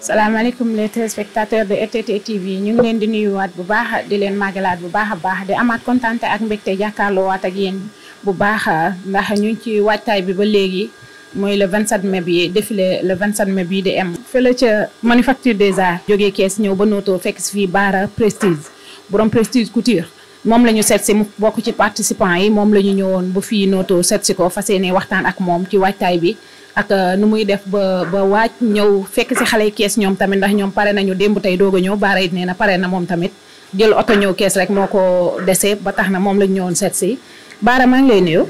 salaamaaleykum les téléspectateurs de RTT TV ñu ngi leen di nuyuwaat bu baax di leen màggalaat bu baax a baax di amaat kontaan ak mbégte waat ak yéen bu baax ndax ñu ngi ci waajtaay bi ba léegi mooy le 27 mai bi défilé le 27 mai bi di am. fële ca Manufacture des Arts. jógee kees ñëw ba nootoo fekk si fii Baara Prestige borom Prestige Couture moom la ñu seet si mu bokk ci participants yi moom la ñu ñëwoon ba fii nootoo seet si ko fas yéene waxtaan ak moom ci waajtaay bi. ak euh, nu muy def ba ba waaj ñëw fekk si xale kees ñoom tamit ndax ñoom pare nañu démb tey doog a ñëw baara it nee na pare na moom tamit jël oto ñëw kees rek moo ko dese ba tax na moom lañ ñëwoon seet si baara maa ngi lay nuyu.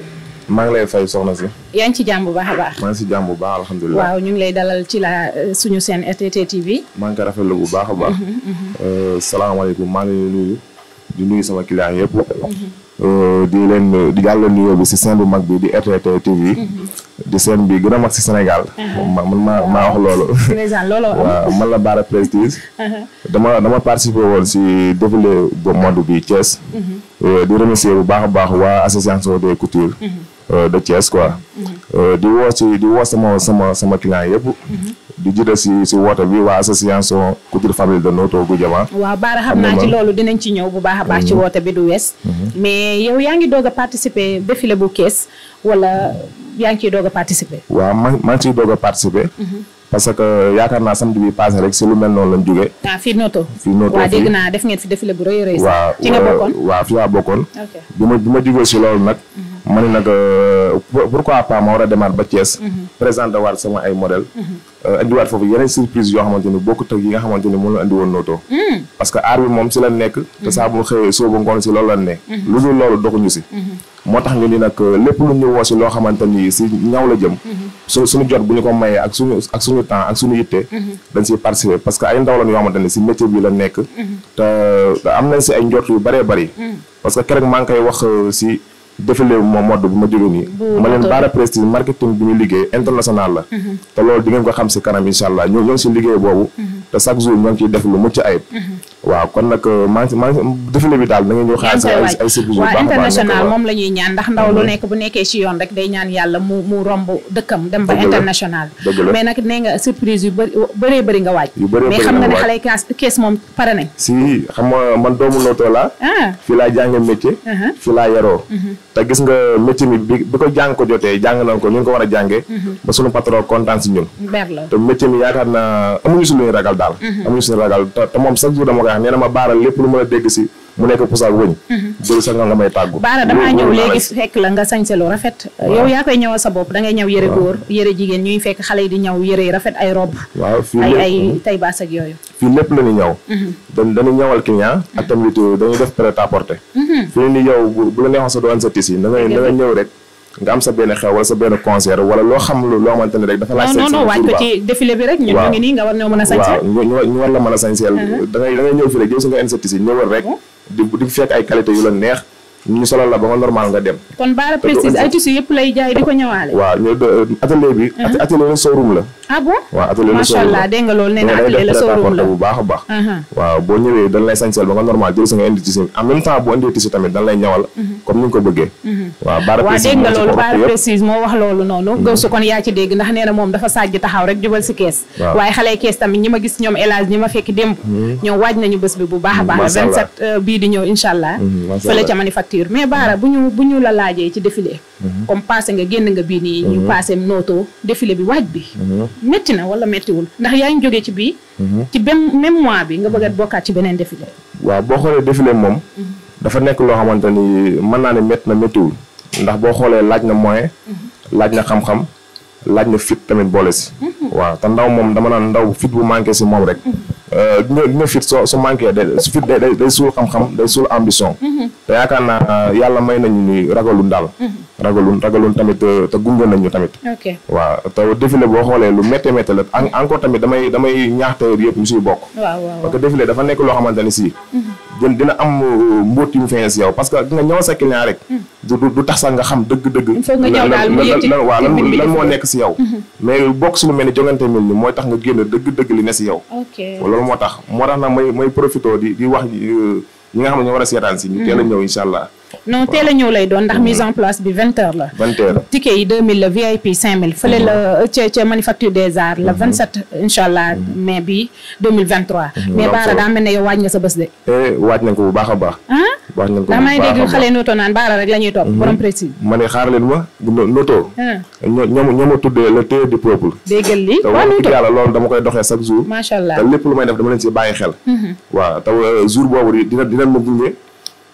maa ngi lay fay soxna si. yaa ngi ci jàmm bu baax a baax. maa ngi si jàmm bu baax alhamdulilah. waaw ñu ngi lay dalal ci laa euh, suñu seen RTT TV. maa ngi koy rafetlu bu baax a baax. Mm-hmm, mm-hmm. Euh, salaamaaleykum maa ngi lay nuyu. di nuyu sama client yëpp. Mm-hmm. di leen di jàll nuyoo bi si seen bu mag bi di RTT di seen bi gën a mag si Sénégal. Uh-huh. man maa maa wax loolu. waaw man la Bara Prestige. Uh-huh. dama dama participer woon si défilé bu mode bi Thiès. Uh-huh. Euh, di remercier bu baax a baax waa association de coutures. Euh, de Thiès quoi. Euh, di woo si di woo sama sama sama client yëpp. di jiite si si woote bi waa association couture fabrique de Noto Goudiama. waaw Baara xam naa ci loolu dinañ ci ñëw bu baax a baax. ci mm-hmm. woote bi du wees. Mm-hmm. mais yow yaa ngi doog a participer défilé bu kees wala. yaa ngi ciy doog a participer. waaw ma maa ngi ciy a participer. Mhm. parce que yaakaar naa samedi bi passé rek si lu mel noonu lañ jógee. ah fii Noto. fii Noto waaw dégg naa def ngeen fi défilé bu rëy rëy. waaw ci nga bokkoon waaw fi laa bokkoon. bi ma bi ma jógee si loolu nag. Mhm. ma ne nag euh, pourquoi pas ma war a demaat ba Thiès. Mhm. présenter waat sama ay modèle Euh, indiwaat foofu yeneen surprise yoo xamante ni bokkut ak yi nga xamante ni moom la indi nootoo hmm. parce que aar bi moom si la nekk te saa bu xëyee ngoon si loolu la ne hmm. lu dul loolu doxuñu si hmm. moo tax ñu ni nag euh, lépp lu ñu woo si loo xamante ni si ñaw la jëm su suñu jot bu ñu ko mayee ak suñu ak suñu temps ak suñu yittee dañ siy participer parce que ay ndaw lañ yoo xamante ni si métier bi la nekk te am na si ay njort yu bëree bëri parce que keroog maa ngi koy wax si euh, défilé bu ma mode bu ma jógee nii ma leen Bara Prestige marketing bi ñu liggéey international la mhm. te loolu di ko xam si kanam incha allah ñoo ñoo si liggéey boobu mhm. te chaque jour ñoo ngi ciy def lu mucc ayib. Mhm. waaw kon nag euh, maa ngi maa ngi défilé bi daal na ngeen ñëw xaar ay ay surprise waaw international moom la ñuy ñaan ndax ndaw lu nekk bu nekkee ci yoon rek day ñaan yàlla mu mu romb dëkkam dem ba international mais nag nee surprise yu bëri bëree nga waaj mais xam nga ne xale kaas kees moom pare nañ si xam nga man doomu nootoo laa ah. fii laa jànge métier uh-huh. fii laa yaroo uh-huh. te gis nga métier mi bi bi ko jàng ko jotee jàng nañ ko ñu ko a jàngee uh-huh. ba suñu patron kontaan si ñun te daal amuñu suñu ragal te moom chaque jour dama koy wax nee na ma baaral lépp lu mën a dégg si mu nekk pusaak da ngay ñëw yëre góor yëre jigéen ñuy fekk xale yi di ñëw yëre yi rafet ay rob waaw fii ay ay tay baas ak yooyu fii bu la neexoon sa doon sa tis yi da ñëw rek nga am sa benn xew wala sa benn concert wala loo xam lu loo xamante ne rek dafa laaj non non waaj bi rek ñun ñu ngi nii nga war ñoo mën a sañseel waaw ñu war la mën a sañseel uh-huh. da ngay da ngay ñëw fi rek jël si nga insecticide ñëwal rek uh-huh. di fekk ay qualité yu la neex ñu solal la ba nga normal nga dem. kon Bara Prestige ay tissus yëpp lay jaay di ko ñëwaale. waaw ñoom euh, bi. Uh-huh. atelier la showroom la. ah bon waaw atelier la showroom la macha allah dégg nga loolu nee na atelier la showroom la bu baax a baax. Uh-huh. waaw boo ñëwee dañ ba nga normal jël sa nga loolu Bara Prestige moo wax loolu noonu. Mm-hmm. gëstu kon yaa ci dégg ndax nee moom dafa sàjj taxaw rek jubal si kees. waaye xale kees tamit ñi ma gis ñoom élage ñi ma fekk démb. Mm-hmm. ñoom waaj nañu bés bi bu baax a baax. 27 euh, bii di ñëw incha allah mm-hmm. fële ca manufacture voiture mais baara bu ñu bu ñu la laajee ci défilé. Mhm. comme passé nga génn nga bii nii. ñu mhm. passé nootoo défilé bi waaj bi. métti mhm. na wala méttiwul ndax yaa ngi jógee ci bii. ci benn même mois bi nga bëgg a bokkaat ci beneen défilé. waaw boo xoolee défilé moom. dafa nekk loo xamante ni mën naa ne métti na méttiwul. ndax boo xoolee laaj na moyen. laaj na xam-xam. laaj na fit tamit boole si. waa te ndaw moom dama naan ndaw fit bu manqué si moom rek. Euh, dina dina fit soo su manqué day su fit day day suul xam-xam day suul ambition. te yaakaar naa yàlla may nañu ni ragalun daal. ragalun ragalun tamit euh, te gunge nañu tamit. ok waaw te défilé boo xoolee lu méttee méttee la encore tamit damay damay ñaax yëpp ñu siy bokk. waaw waaw parce que défilé dafa nekk loo xamante ne si. Mhm. dina am euh, mbóot yu mu feeñ si yow parce que nga ñëw sa client rek. Mhm. du du tax sax nga xam dëgg-dëgg. il faut nga ñëw lan lan moo nekk si yow. Mhm. mais bokk si lu mel ni jongante mel ni mooy tax nga génn dëgg-dëgg li ne si yow. ok loolu moo tax moo tax nag may may profité di di wax euh, ñi nga xam ne ñoo war a seetaan si. ñu mhm. teel a ñëw incha allah. non teel a ñëw lay doon ndax mm-hmm. mise en place bi vingt heures la vingt heures ticket yi deux mille la VIP cinq mille fële la mm-hmm. euh, ca manufacture des arts la mm-hmm. vingt sept incha allah bi deux mille vingt trois mais baara daa sa bés eh, bu baax a baax ah waaj nañ ko daa may dégg xale noto naan baara rek la ñuy topp borom précis ma ne xaar leen ma noto ñoom ñoom a tuddee le terre du déggal li waaw noto yàlla loolu dama koy doxee chaque jour macha allah te lépp lu may def dama leen si bàyyi xel waaw taw euh, jour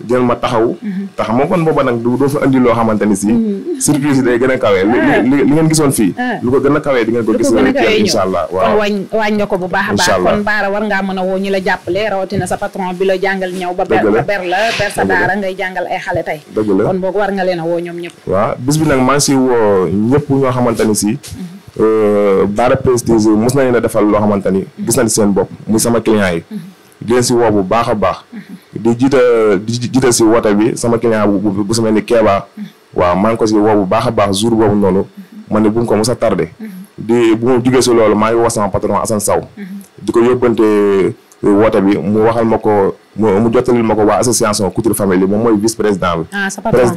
jël ma taxaw. tax moom kon booba nag du doo fa andi loo xamante ni si. Mm-hmm. surprise day gën a kawe. li ngeen gisoon fii. Ah. lu ko gën a kawe di ngeen ko gis. lu ko gën a kawe incha allah waaw kon wàññ nga ko bu baax a baax. kon war ngaa mën a woo ñu la jàppale rawatina sa patron bi la jàngal ñëw. ba ber ba ber la jàngal ay xale tey. la kon boog war nga leen a woo bi nag maa ngi si woo ñëpp ñoo xamante ni si. Mm-hmm. Euh, baara prestige mos na leen defal loo xamante ni gis nañ seen bopp muy sama client yi mm-hmm. di leen si bu baax a baax di jiita di jiita si woote bi sama client bu bu su mel ni Kéba waaw maa ko si woo bu baax a baax jour boobu noonu ma ne bu mu ko mos a tardé di bu mu jugee si loolu maa ngi woo sama patron Assane Saw di ko yóbbante eh, woote bi mu waxal ma ko mu jottalil ma ko waa association couture famille moom mooy vice président bi ah,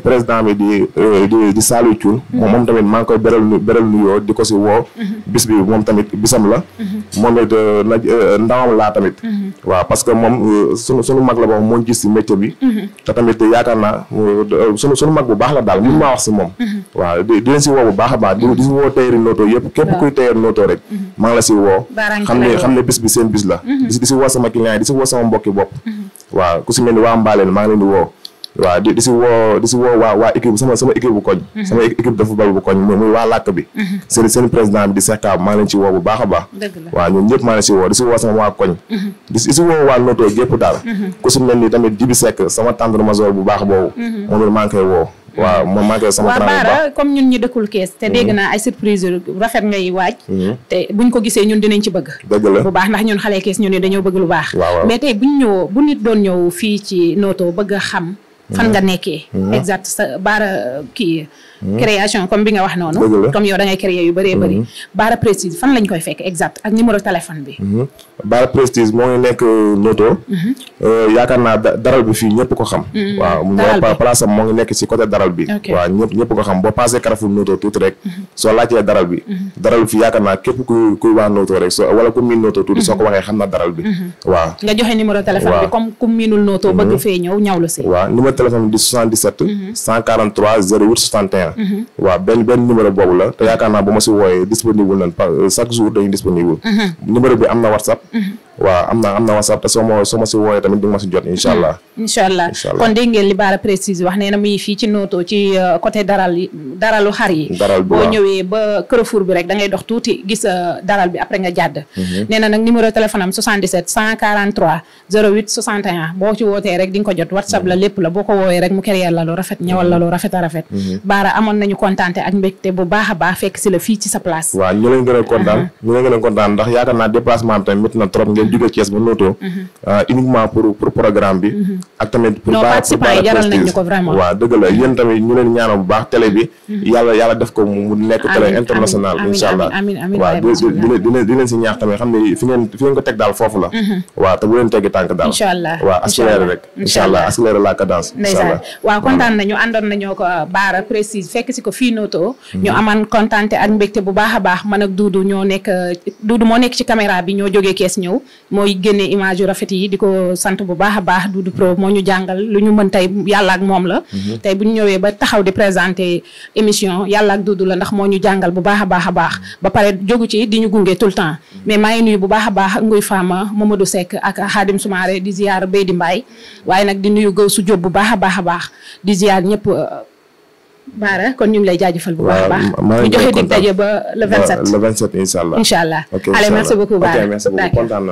président bi di eh, di di moom moom tamit maa ngi koy beral nu beral nuyoo di ko si woo mm-hmm. bis bi moom tamit bisam la mm-hmm. moom it naj ndawam laa tamit. Mm-hmm. waa parce que moom euh, sunu sunu mag la boo moo gis si métier bi. Mm-hmm. te tamit yaakaar naa euh, sunu sunu mag bu baax la daal mun maa wax si moom. Mm-hmm. waa di di leen si woo bu baax a baax di di si woo tayari nootoo yëpp képp kuy tayari nootoo rek. maa la si woo. xam ne xam ne bis bi seen bis la. di si di si woo sama client yi di si woo sama mbokki bopp. waaw ku si mel ni waa Mbaaleen maa leen di woo. waaw di di si woo di si woo waa waa équipe sama sama équipe bu koñ mhm. sama équipe de football bu koñ muy waa làkk bi mhm. seen président bi di sekkaab maa leen ci woo bu baax a baax waaw ñun ñëpp maa leen si woo di si woo sama waa koñ mhm. di si woo waa noto gépp daal ku si mel sama tendre bu baax boobu moom maa ngi koy sama waa la bu baax ndax ñun xale kees ñun ne dañoo bëgg lu baax mais tey buñ ñëw bu nit doon ñëw fii ci noto bëgg xam fan nga mm. nekkee. Mm. exact sa baara kii. Mm. création comme bi nga wax noonu. comme yow da ngay créer yu bëree bëri. baara prestige fan lañ koy fekk exact ak numéro téléphone bi. Mm-hmm. baara prestige moo ngi nekk euh, Noto. Mm-hmm. Euh, yaakaar naa daral bi fii ñëpp ko xam. Mm-hmm. waaw moo place am moo boo passé Carrefour Noto tuuti rek. soo laajtee daral bi. daral bi fii yaakaar naa képp ku kuy waa Noto rek soo ku miin Noto tuuti soo ko waxee xam na daral bi. waaw nga joxe numéro téléphone bi comme ku miinul Noto bëgg téléphone di 77. 143 08 61. waaw benn benn numéro boobu la te yaakaar naa bu ma si wooyee di nga ma si jot incha allah. Mhm. incha allah kon dégg boo ci wootee rek di ko jot WhatsApp la lépp la ko wooyee rek mu créer la lu rafet ñëwal la mm-hmm. lu rafet a rafet mm-hmm. baara amoon nañu kontaante ak mbégte bu baax a baax fekk si la fii ci sa place waaw ñu leen gën a kontaan uh-huh. a ndax yaakaar naa déplacement bi tamit métti na trop ngeen jóge Thiès ba nootoo uh-huh. uh, uniquement pour programme bi uh-huh. ak tamit pour participants yi jaral nañ ñu ko vraiment waaw dëgg la yéen tamit ñu leen ñaanal bu baax télé bi yàlla yàlla def ko mu nekk télé international incha allah waaw di leen si ndeysaan waaw kontaan mm. nañu àndoon nañoo ko euh, baara précise fekk si ko fii noto mm-hmm. ñu amaan kontaante ak mbégte bu baax a baax man ak Doudou ñoo nekk euh, Doudou moo nekk ci caméra bi ñoo jógee kees ñëw mooy génne image yu rafet yi di ko sant bu baax a baax Doudou Pro mm-hmm. moo ñu jàngal lu ñu mën tey yàlla ak moom la mm-hmm. tey bu ñu ñëwee ba taxaw di présenter émission yàlla ak Doudou la ndax moo ñu jàngal bu baax a baax a baax ba pare jógu ci di ñu gunge tout le temps mais maa ngi nuyu bu baax a baax nguy faama Mamadou Seck ak Khadim Soumaré di ziar Beydi Mbaye di nuyu baax a baax a baax di ziar ñëpp euh, Baara kon ñu bu baax a baax. ñu joxe dig daje ba le 27. le 27 incha allah incha allah. ok merci beaucoup Baara ok merci beaucoup kontaan na